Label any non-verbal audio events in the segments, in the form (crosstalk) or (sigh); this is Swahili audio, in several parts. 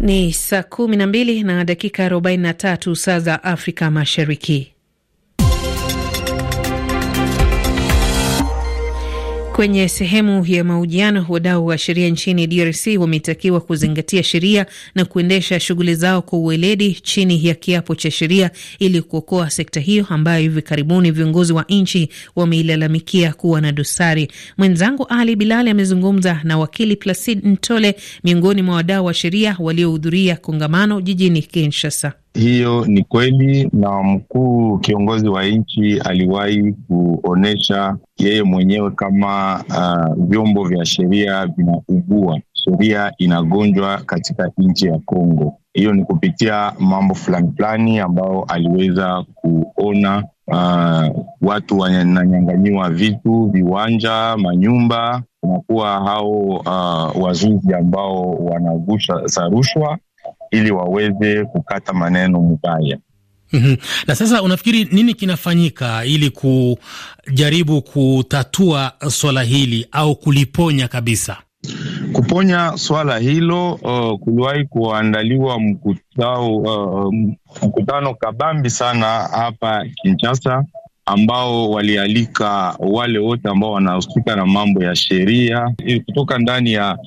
Ni saa kumi na mbili na dakika arobaini na tatu saa za Afrika Mashariki. Kwenye sehemu ya mahojiano, wadau wa sheria nchini DRC wametakiwa kuzingatia sheria na kuendesha shughuli zao kwa uweledi chini ya kiapo cha sheria ili kuokoa sekta hiyo ambayo hivi karibuni viongozi wa nchi wameilalamikia kuwa na dosari. Mwenzangu Ali Bilali amezungumza na wakili Placid Ntole, miongoni mwa wadau wa sheria waliohudhuria kongamano jijini Kinshasa. Hiyo ni kweli, na mkuu kiongozi wa nchi aliwahi kuonyesha yeye mwenyewe kama uh, vyombo vya sheria vinaugua, sheria inagonjwa katika nchi ya Kongo. Hiyo ni kupitia mambo fulani fulani ambayo aliweza kuona uh, watu wananyang'anyiwa vitu, viwanja, manyumba, kunakuwa hao uh, ah, wazuzi ambao wanagusha rushwa ili waweze kukata maneno mubaya. Mhm. Na sasa unafikiri nini kinafanyika ili kujaribu kutatua swala hili au kuliponya kabisa? Kuponya swala hilo, uh, kuliwahi kuandaliwa mkutao, uh, mkutano kabambi sana hapa Kinshasa ambao walialika wale wote ambao wanahusika na mambo ya sheria eh, kutoka ndani ya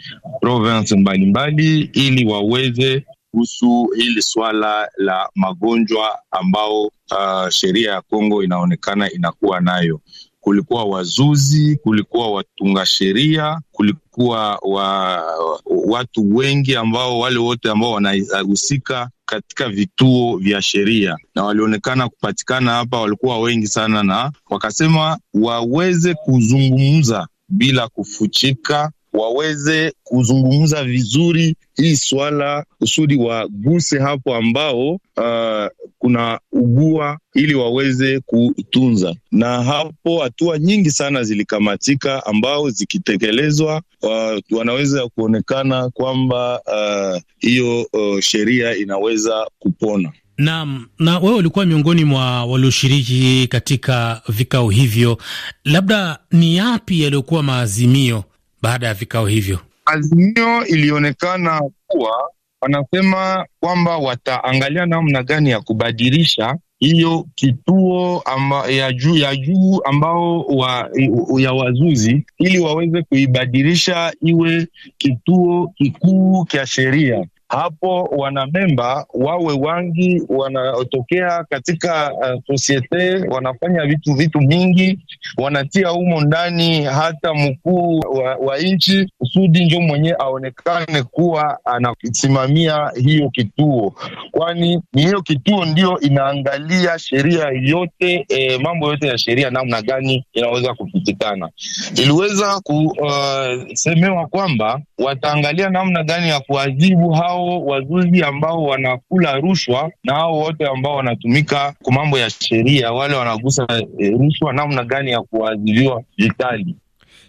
province mbalimbali ili waweze kuhusu hili swala la magonjwa ambao uh, sheria ya Kongo inaonekana inakuwa nayo. Kulikuwa wazuzi, kulikuwa watunga sheria, kulikuwa wa, watu wengi ambao wale wote ambao wanahusika katika vituo vya sheria na walionekana kupatikana hapa, walikuwa wengi sana, na wakasema waweze kuzungumza bila kufuchika waweze kuzungumza vizuri hii swala kusudi waguse hapo ambao uh, kuna ugua ili waweze kutunza. Na hapo hatua nyingi sana zilikamatika, ambao zikitekelezwa uh, wanaweza kuonekana kwamba uh, hiyo uh, sheria inaweza kupona. na, na wewe ulikuwa miongoni mwa walioshiriki katika vikao hivyo, labda ni yapi yaliyokuwa maazimio baada ya vikao hivyo? Azimio ilionekana kuwa wanasema kwamba wataangalia namna gani ya kubadilisha hiyo kituo amba, ya juu ya juu ambao wa, ya wazuzi ili waweze kuibadilisha iwe kituo kikuu cha sheria hapo wanamemba wawe wangi wanatokea katika uh, sosiete, wanafanya vitu vitu mingi, wanatia humo ndani hata mkuu wa, wa nchi kusudi njo mwenyewe aonekane kuwa anasimamia hiyo kituo, kwani ni hiyo kituo ndio inaangalia sheria yote e, mambo yote ya sheria namna gani inaweza kupitikana. Iliweza kusemewa uh, kwamba wataangalia namna gani ya kuadhibu hao hao wazuzi ambao wanakula rushwa na hao wote ambao wanatumika kwa mambo ya sheria, wale wanagusa eh, rushwa, namna gani ya kuadhibiwa vikali.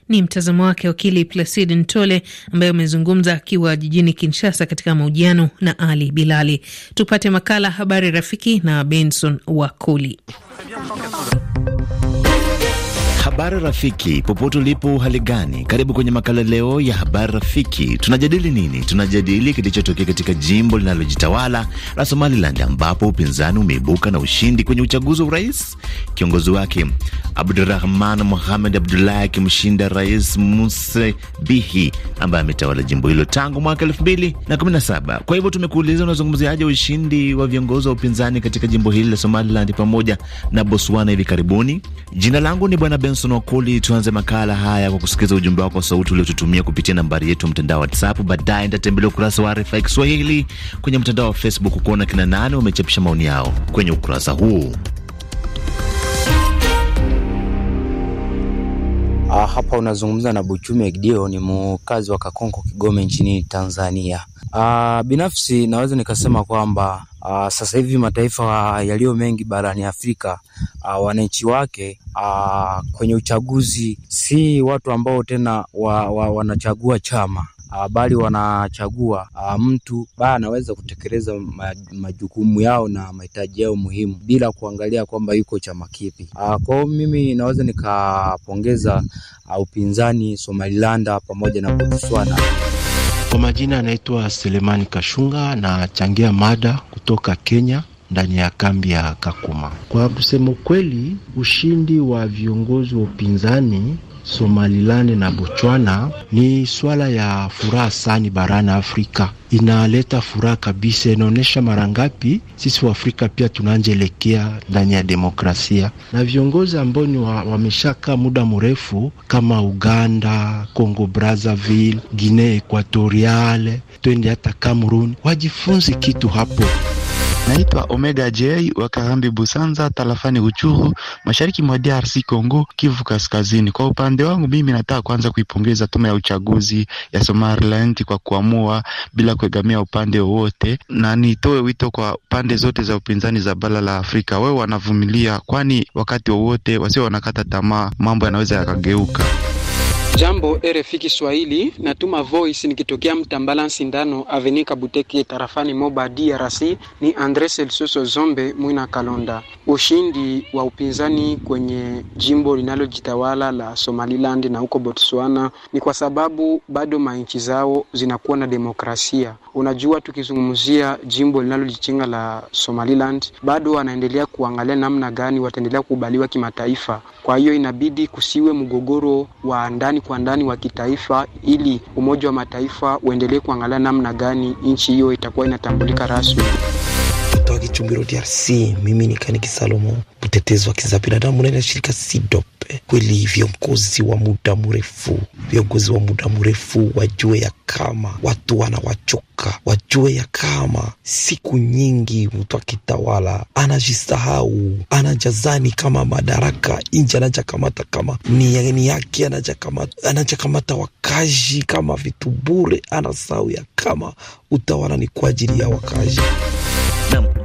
Ni mtazamo wake wakili Placid Ntole ambaye amezungumza akiwa jijini Kinshasa katika mahojiano na Ali Bilali. Tupate makala habari rafiki na Benson Wakoli. Habari rafiki, popote ulipo, hali gani? Karibu kwenye makala leo ya habari rafiki. Tunajadili nini? Tunajadili kilichotokea katika jimbo linalojitawala la Somaliland ambapo upinzani umeibuka na ushindi kwenye uchaguzi wa urais, kiongozi wake Abdurahman muhamed Abdullahi akimshinda Rais Muse Bihi ambaye ametawala jimbo hilo tangu mwaka saba. Kwa hivyo tumekuuliza, unazungumziaje ushindi wa viongozi wa upinzani katika jimbo hili la Somaliland pamoja na Botswana hivi karibuni? Jina langu ni Bwana Benson Benson Wakoli, tuanze makala haya kwa kusikiliza ujumbe wako wa sauti uliotutumia kupitia nambari yetu ya mtandao wa WhatsApp. Baadaye nitatembelea ukurasa wa RFI Kiswahili kwenye mtandao wa Facebook kuona kina nane wamechapisha maoni yao kwenye ukurasa huu. Ah, hapa unazungumza na Buchume Gideon, ni mkazi wa Kakonko, Kigoma nchini Tanzania. Uh, binafsi naweza nikasema kwamba uh, sasa hivi mataifa yaliyo mengi barani Afrika uh, wananchi wake uh, kwenye uchaguzi si watu ambao tena wa, wa, wanachagua chama uh, bali wanachagua uh, mtu baya anaweza kutekeleza majukumu yao na mahitaji yao muhimu bila kuangalia kwamba yuko chama kipi. Uh, kwa hiyo mimi naweza nikapongeza uh, upinzani Somaliland pamoja na Botswana. Kwa majina anaitwa Selemani Kashunga na changia mada kutoka Kenya ndani ya kambi ya Kakuma. Kwa kusema ukweli ushindi wa viongozi wa upinzani Somaliland na Botswana ni swala ya furaha sana barani Afrika, inaleta furaha kabisa. Inaonyesha mara ngapi sisi Waafrika pia tunaanjelekea ndani ya demokrasia, na viongozi ambao ni wameshakaa muda mrefu kama Uganda, Congo Brazzaville, Guinea Equatoriale, twende hata Cameroon, wajifunze kitu hapo. Naitwa Omega J wa Karambi Busanza, tarafani Uchuru, mashariki mwa DRC Congo, Kivu Kaskazini. Kwa upande wangu mimi nataka kwanza kuipongeza tume ya uchaguzi ya Somaliland kwa kuamua bila kuegamia upande wowote, na nitoe wito kwa pande zote za upinzani za bara la Afrika, wewe wanavumilia, kwani wakati wowote wasio wanakata tamaa mambo yanaweza yakageuka. Jambo RFI Kiswahili, natuma voice nikitokea Mtambala Sindano Avenika Buteke tarafani Moba DRC. Ni Andre Selsoso Zombe Mwina Kalonda. Ushindi wa upinzani kwenye jimbo linalojitawala la Somaliland na huko Botswana ni kwa sababu bado manchi zao zinakuwa na demokrasia. Unajua, tukizungumzia jimbo linalojitenga la Somaliland, bado wanaendelea kuangalia namna gani wataendelea kukubaliwa kimataifa. Kwa hiyo inabidi kusiwe mgogoro wa ndani kwa ndani wa kitaifa, ili Umoja wa Mataifa uendelee kuangalia namna gani nchi hiyo itakuwa inatambulika rasmi. Kutoka Kichumbiro, DRC, mimi ni Kaniki Salomo, mtetezi wa haki binadamu ya shirika SIDOP. Eh, kweli viongozi wa muda mrefu, viongozi wa muda mrefu wajue ya kama watu wanawachoka, wajue ya kama siku nyingi mtu akitawala anajisahau, anajazani kama madaraka nje anajakamata kama ni, ni yake, anajakamata anajakamata wakaji kama vitu bure, anasahau ya kama utawala ni kwa ajili ya wakaji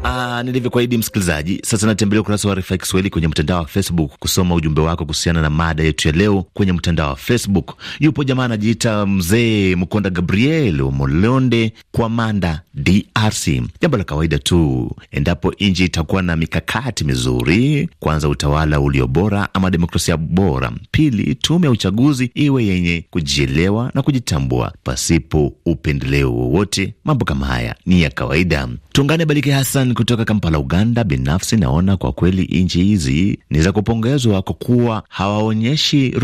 Ah, nilivyokuahidi msikilizaji, sasa natembelea ukurasa wa RFI Kiswahili kwenye mtandao wa Facebook kusoma ujumbe wako kuhusiana na mada yetu ya leo kwenye mtandao wa Facebook. Yupo jamaa anajiita mzee Mkonda Gabriel Molonde kwa Manda, DRC. Jambo la kawaida tu endapo nchi itakuwa na mikakati mizuri, kwanza utawala ulio bora ama demokrasia bora, pili tume ya uchaguzi iwe yenye kujielewa na kujitambua pasipo upendeleo wowote, mambo kama haya ni ya kawaida. Tuungane Baliki Hassan kutoka Kampala, Uganda. Binafsi naona kwa kweli nchi hizi ni za kupongezwa kwa kuwa hawaonyeshi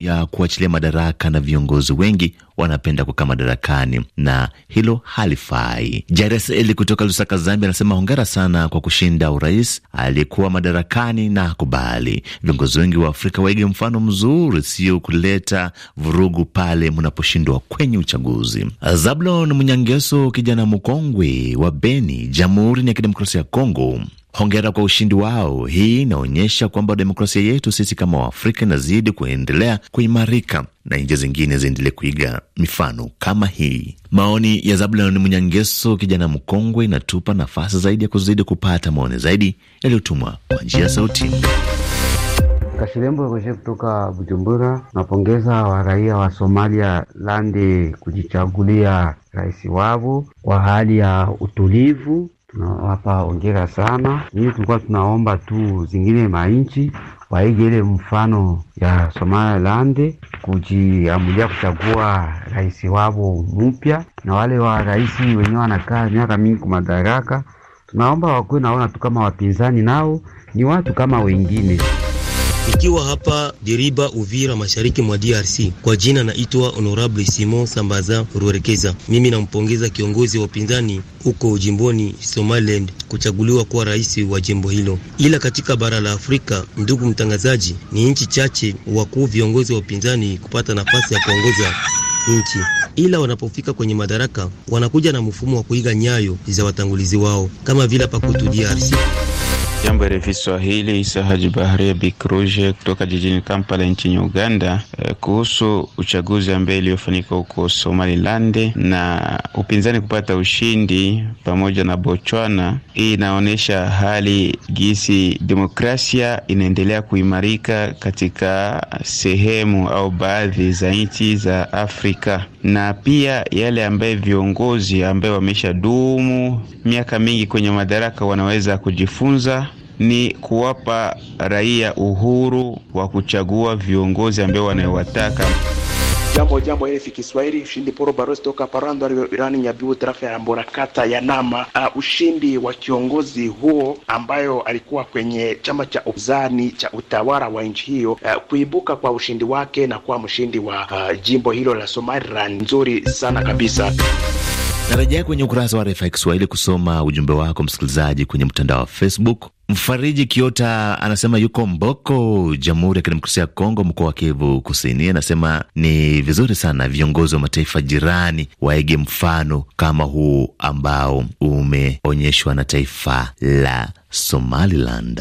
ya kuachilia madaraka na viongozi wengi wanapenda kukaa madarakani na hilo halifai. Jairus Eli kutoka Lusaka, Zambia, anasema hongera sana kwa kushinda urais, aliyekuwa madarakani na kubali. Viongozi wengi wa Afrika waige mfano mzuri, sio kuleta vurugu pale mnaposhindwa kwenye uchaguzi. Zablon Mnyangeso, kijana mkongwe wa Beni, Jamhuri ya Kidemokrasia ya Kongo, Hongera kwa ushindi wao. Hii inaonyesha kwamba demokrasia yetu sisi kama Waafrika inazidi kuendelea kuimarika na nchi zingine ziendelee kuiga mifano kama hii. Maoni ya Zabulon Mnyangeso, kijana mkongwe, inatupa nafasi zaidi ya kuzidi kupata maoni zaidi yaliyotumwa kwa njia ya sauti. Kashilembo Roje kutoka Bujumbura. Napongeza wa raia wa Somalia landi kujichagulia rais wavo kwa hali ya utulivu tunawapa ongera sana. Hii tulikuwa tunaomba tu zingine mainchi waige ile mfano ya Somaliland kujiamulia kuchagua rais wao mpya, na wale wa rais wenyewe wanakaa miaka mingi kumadaraka, tunaomba wakuwe naona tu kama wapinzani nao ni watu kama wengine. Nikiwa hapa Diriba, Uvira, mashariki mwa DRC. Kwa jina naitwa Honorable Simon Sambaza Ruerekeza. Mimi nampongeza kiongozi wa upinzani huko jimboni Somaliland kuchaguliwa kuwa rais wa jimbo hilo. Ila katika bara la Afrika, ndugu mtangazaji, ni nchi chache wakuu viongozi wa upinzani kupata nafasi ya kuongoza nchi ila wanapofika kwenye madaraka wanakuja na mfumo wa kuiga nyayo za watangulizi wao kama vile hapa kwetu DRC. Jambo refi Swahili, Isa Haji Baharia Bikruje kutoka jijini Kampala nchini Uganda, eh, kuhusu uchaguzi ambaye iliyofanyika huko Somaliland na upinzani kupata ushindi pamoja na Botswana. Hii inaonyesha hali gisi demokrasia inaendelea kuimarika katika sehemu au baadhi za nchi za Afrika, na pia yale ambaye viongozi ambaye wamesha dumu miaka mingi kwenye madaraka wanaweza kujifunza ni kuwapa raia uhuru wa kuchagua viongozi ambao wanayowataka. Jambo jambo RFI Kiswahili, ushindi poro barosi toka parando irani nyabiu tarafa ya Mborakata ya Nama. Uh, ushindi wa kiongozi huo ambayo alikuwa kwenye chama cha upinzani cha utawala wa nchi hiyo, uh, kuibuka kwa ushindi wake na kuwa mshindi wa uh, jimbo hilo la Somaliland nzuri sana kabisa. Narejea kwenye ukurasa wa RFI Kiswahili kusoma ujumbe wako msikilizaji kwenye mtandao wa Facebook. Mfariji Kiota anasema yuko Mboko, Jamhuri ya Kidemokrasia ya Kongo, mkoa wa Kivu Kusini. Anasema ni vizuri sana viongozi wa mataifa jirani waige mfano kama huu ambao umeonyeshwa na taifa la Somaliland.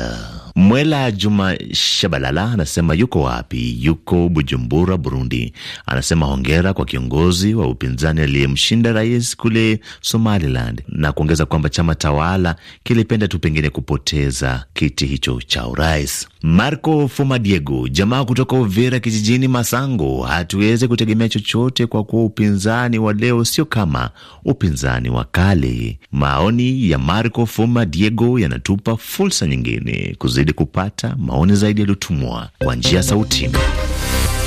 Mwela Juma Shabalala anasema yuko wapi? Yuko Bujumbura, Burundi. Anasema hongera kwa kiongozi wa upinzani aliyemshinda rais kule Somaliland, na kuongeza kwamba chama tawala kilipenda tu pengine kupoteza kiti hicho cha urais. Marco Diego, jamaa kutoka Uvira kijijini Masango, hatuwezi kutegemea chochote kwa kuwa upinzani wa leo sio kama upinzani wa kale. Maoni ya Marco Diego yanatupa kutupa fursa nyingine. Kuzidi kupata maoni zaidi yaliyotumwa kwa njia sauti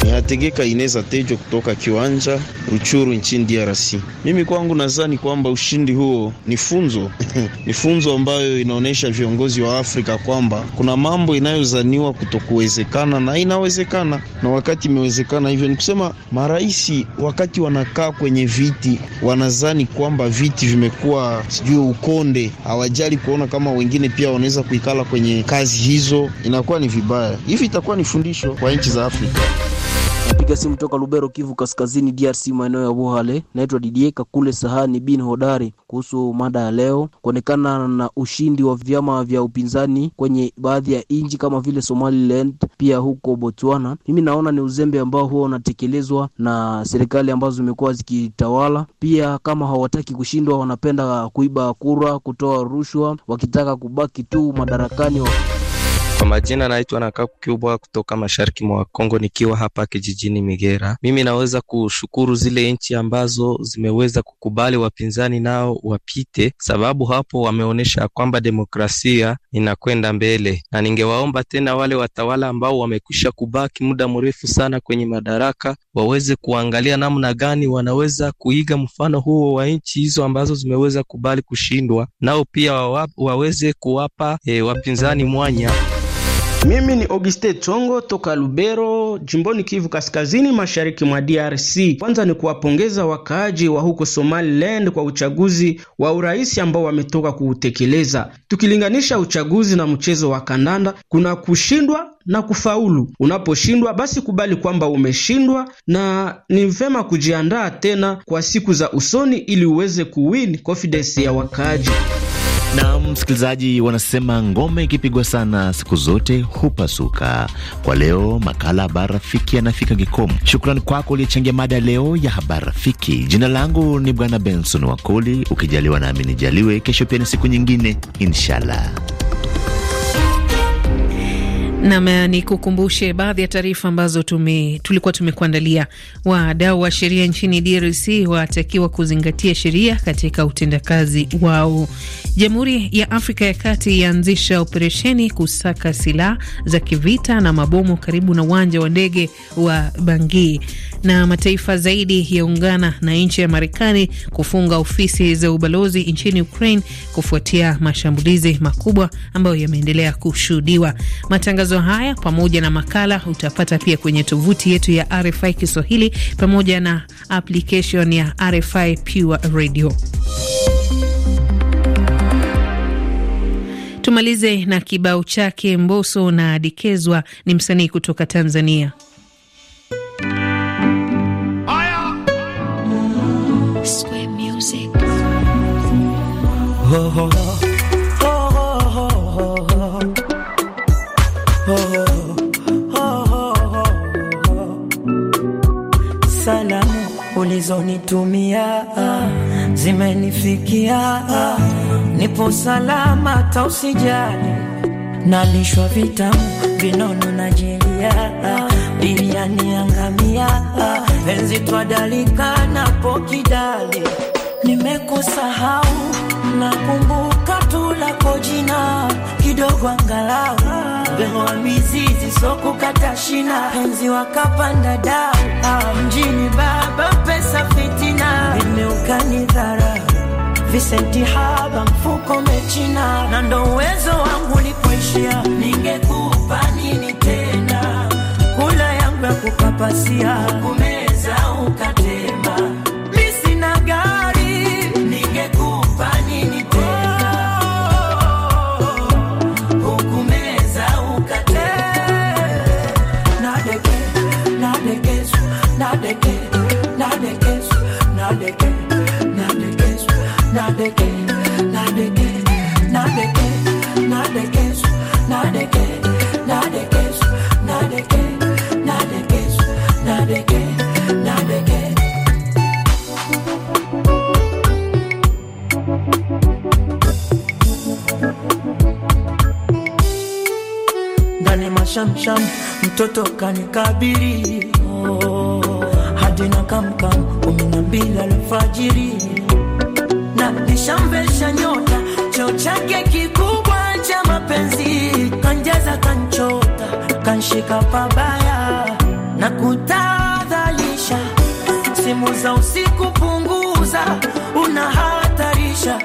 inategeka Ineza Tejo kutoka kiwanja Ruchuru nchini DRC. Mimi kwangu nadhani kwamba ushindi huo ni funzo (laughs) ni funzo ambayo inaonyesha viongozi wa Afrika kwamba kuna mambo inayozaniwa kutokuwezekana na inawezekana, na wakati imewezekana hivyo. Ni kusema marais wakati wanakaa kwenye viti wanazani kwamba viti vimekuwa sijui ukonde, hawajali kuona kama wengine pia wanaweza kuikala kwenye kazi hizo, inakuwa ni vibaya. Hivi itakuwa ni fundisho kwa nchi za Afrika napiga simu toka Lubero, Kivu Kaskazini, DRC, maeneo ya Buhale. Naitwa Didier Kakule Sahani bin Hodari, kuhusu mada ya leo, kuonekana na ushindi wa vyama vya upinzani kwenye baadhi ya nchi kama vile Somaliland, pia huko Botswana. Mimi naona ni uzembe ambao huwa unatekelezwa na serikali ambazo zimekuwa zikitawala. Pia kama hawataki kushindwa, wanapenda kuiba kura, kutoa rushwa, wakitaka kubaki tu madarakani wa kwa majina naitwa Nakaku Kubwa kutoka mashariki mwa Kongo, nikiwa hapa kijijini Migera. Mimi naweza kushukuru zile nchi ambazo zimeweza kukubali wapinzani nao wapite, sababu hapo wameonyesha kwamba demokrasia inakwenda mbele, na ningewaomba tena wale watawala ambao wamekwisha kubaki muda mrefu sana kwenye madaraka waweze kuangalia namna gani wanaweza kuiga mfano huo wa nchi hizo ambazo zimeweza kubali kushindwa, nao pia waweze kuwapa e, wapinzani mwanya. Mimi ni Auguste Tongo toka Lubero, jimboni Kivu Kaskazini, mashariki mwa DRC. Kwanza ni kuwapongeza wakaaji wa huko Somaliland kwa uchaguzi wa urais ambao wametoka kuutekeleza. Tukilinganisha uchaguzi na mchezo wa kandanda, kuna kushindwa na kufaulu. Unaposhindwa basi kubali kwamba umeshindwa, na ni vema kujiandaa tena kwa siku za usoni ili uweze kuwin confidence ya wakaaji. Na msikilizaji, wanasema ngome ikipigwa sana siku zote hupasuka. Kwa leo makala Habari Rafiki yanafika kikomo. Shukrani kwako uliyechangia mada leo ya Habari Rafiki. Jina langu ni Bwana Benson Wakoli, ukijaliwa nami nijaliwe, kesho pia ni siku nyingine, inshallah. Nam, eh, kukumbushe baadhi ya taarifa ambazo tume, tulikuwa tumekuandalia. Wadau wa sheria nchini DRC watakiwa kuzingatia sheria katika utendakazi wao. Jamhuri ya Afrika ya Kati yaanzisha operesheni kusaka silaha za kivita na mabomu karibu na uwanja wa ndege wa Bangui, na mataifa zaidi yaungana na nchi ya Marekani kufunga ofisi za ubalozi nchini Ukraine kufuatia mashambulizi makubwa ambayo yameendelea kushuhudiwa. Matangazo Matangazo haya pamoja na makala utapata pia kwenye tovuti yetu ya RFI Kiswahili pamoja na application ya RFI Pure Radio. Tumalize na kibao chake Mboso na Dikezwa, ni msanii kutoka Tanzania. Oh, oh, oh. salamu ulizonitumia zimenifikia, nipo salama, tausijali nalishwa vitamu, vinono najelia, biriani yangamia, penzi twadalika na pokidali, nimekusahau nakumbuka tu lako jina kidogo angalau Benwa mizizi so kukata shina penzi wakapanda dau mjini baba pesa fitina imeukani dhara visenti haba mfuko mechina na ndo uwezo wangu lipoishia ningekupa nini tena kula yangu ya kukapasia kumeza uka sham, mtoto kanikabiri oh, hadi na kamkam kumi na mbili alfajiri na nishamvesha nyota cheo chake kikubwa cha mapenzi kanjaza kanchota kanshika pabaya na kutadhalisha simu za usiku punguza unahatarisha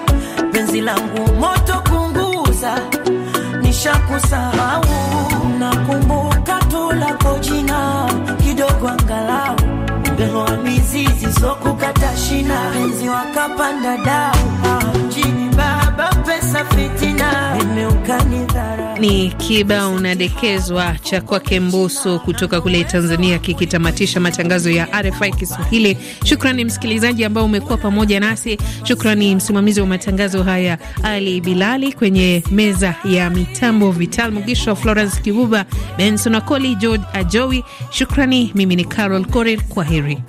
penzi langu moto punguza nishakusahau lako jina kidogo, angalau ungeloa mizizi, so kukata shina, wakapanda dau ah ni kibao unadekezwa cha kwake Mbuso kutoka kule Tanzania, kikitamatisha matangazo ya RFI Kiswahili. Shukrani msikilizaji ambao umekuwa pamoja nasi. Shukrani msimamizi wa matangazo haya Ali Bilali, kwenye meza ya mitambo Vital Mugisho, Florence Kibuba, Benson Akoli, George Ajowi. Shukrani, mimi ni Carol Korir, kwa heri.